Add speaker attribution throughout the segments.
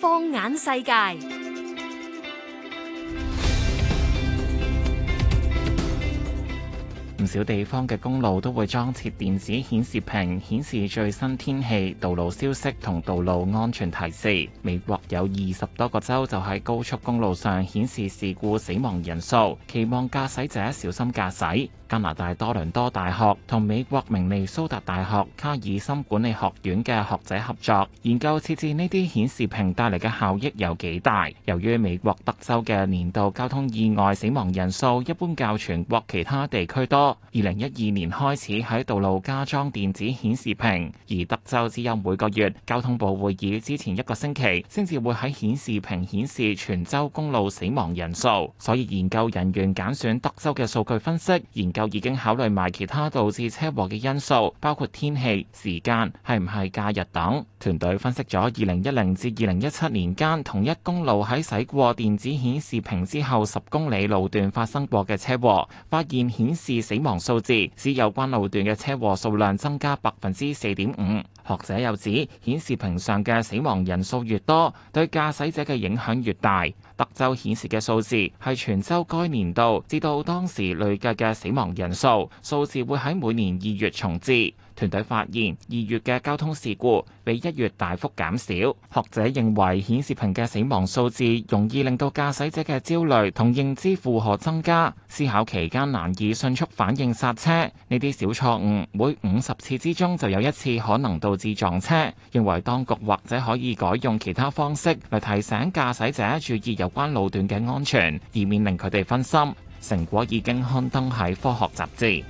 Speaker 1: 放眼世界。小地方嘅公路都會裝設電子顯示屏，顯示最新天氣，道路消息同道路安全提示。美國有二十多個州就喺高速公路上顯示事故死亡人數，期望駕駛者小心駕駛。加拿大多倫多大學同美國明尼蘇達大學卡爾森管理學院嘅學者合作研究，設置呢啲顯示屏帶嚟嘅效益有幾大？由於美國德州嘅年度交通意外死亡人數一般較全國其他地區多。二零一二年開始喺道路加裝電子顯示屏，而德州只有每個月交通部會議之前一個星期，先至會喺顯示屏顯示全州公路死亡人數。所以研究人員揀選德州嘅數據分析，研究已經考慮埋其他導致車禍嘅因素，包括天氣、時間、係唔係假日等。團隊分析咗二零一零至二零一七年間同一公路喺駛過電子顯示屏之後十公里路段發生過嘅車禍，發現顯示死亡同數字使有關路段嘅車禍數量增加百分之四點五。學者又指，顯示屏上嘅死亡人數越多，對駕駛者嘅影響越大。德州顯示嘅數字係全州該年度至到當時累計嘅死亡人數，數字會喺每年二月重置。團隊發現，二月嘅交通事故比一月大幅減少。學者認為，顯示屏嘅死亡數字容易令到駕駛者嘅焦慮同認知負荷增加，思考期間難以迅速反應剎車，呢啲小錯誤每五十次之中就有一次可能導致。自撞車，認為當局或者可以改用其他方式嚟提醒駕駛者注意有關路段嘅安全，以免令佢哋分心。成果已經刊登喺科學雜誌。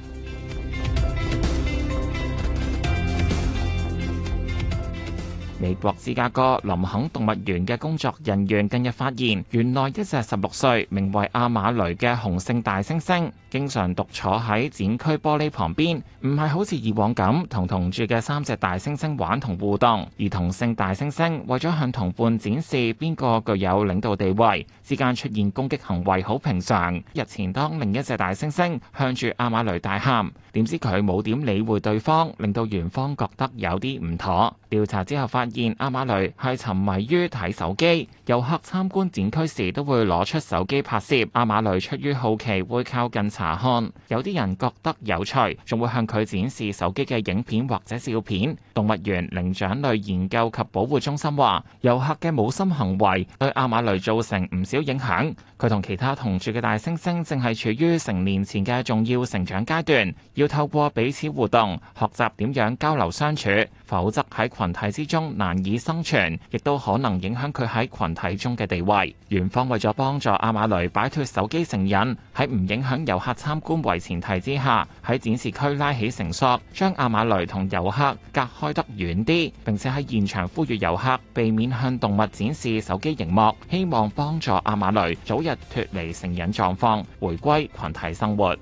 Speaker 1: 美國芝加哥林肯動物園嘅工作人員近日發現，原來一隻十六歲、名為阿馬雷嘅雄性大猩猩，經常獨坐喺展區玻璃旁邊，唔係好似以往咁同同住嘅三隻大猩猩玩同互動。而同性大猩猩為咗向同伴展示邊個具有領導地位，之間出現攻擊行為好平常。日前當另一隻大猩猩向住阿馬雷大喊，點知佢冇點理會對方，令到園方覺得有啲唔妥。調查之後發現。現阿馬雷係沉迷於睇手機，遊客參觀展區時都會攞出手機拍攝。阿馬雷出於好奇會靠近查看，有啲人覺得有趣，仲會向佢展示手機嘅影片或者照片。動物園靈長類研究及保護中心話，遊客嘅冇心行為對阿馬雷造成唔少影響。佢同其他同住嘅大猩猩正係處於成年前嘅重要成長階段，要透過彼此互動學習點樣交流相處，否則喺群體之中難以生存，亦都可能影響佢喺群體中嘅地位。園方為咗幫助阿馬雷擺脫手機成癮，喺唔影響遊客參觀為前提之下，喺展示區拉起繩索，將阿馬雷同遊客隔開得遠啲，並且喺現場呼籲遊客避免向動物展示手機屏幕，希望幫助阿馬雷早日脫離成癮狀況，回歸群體生活。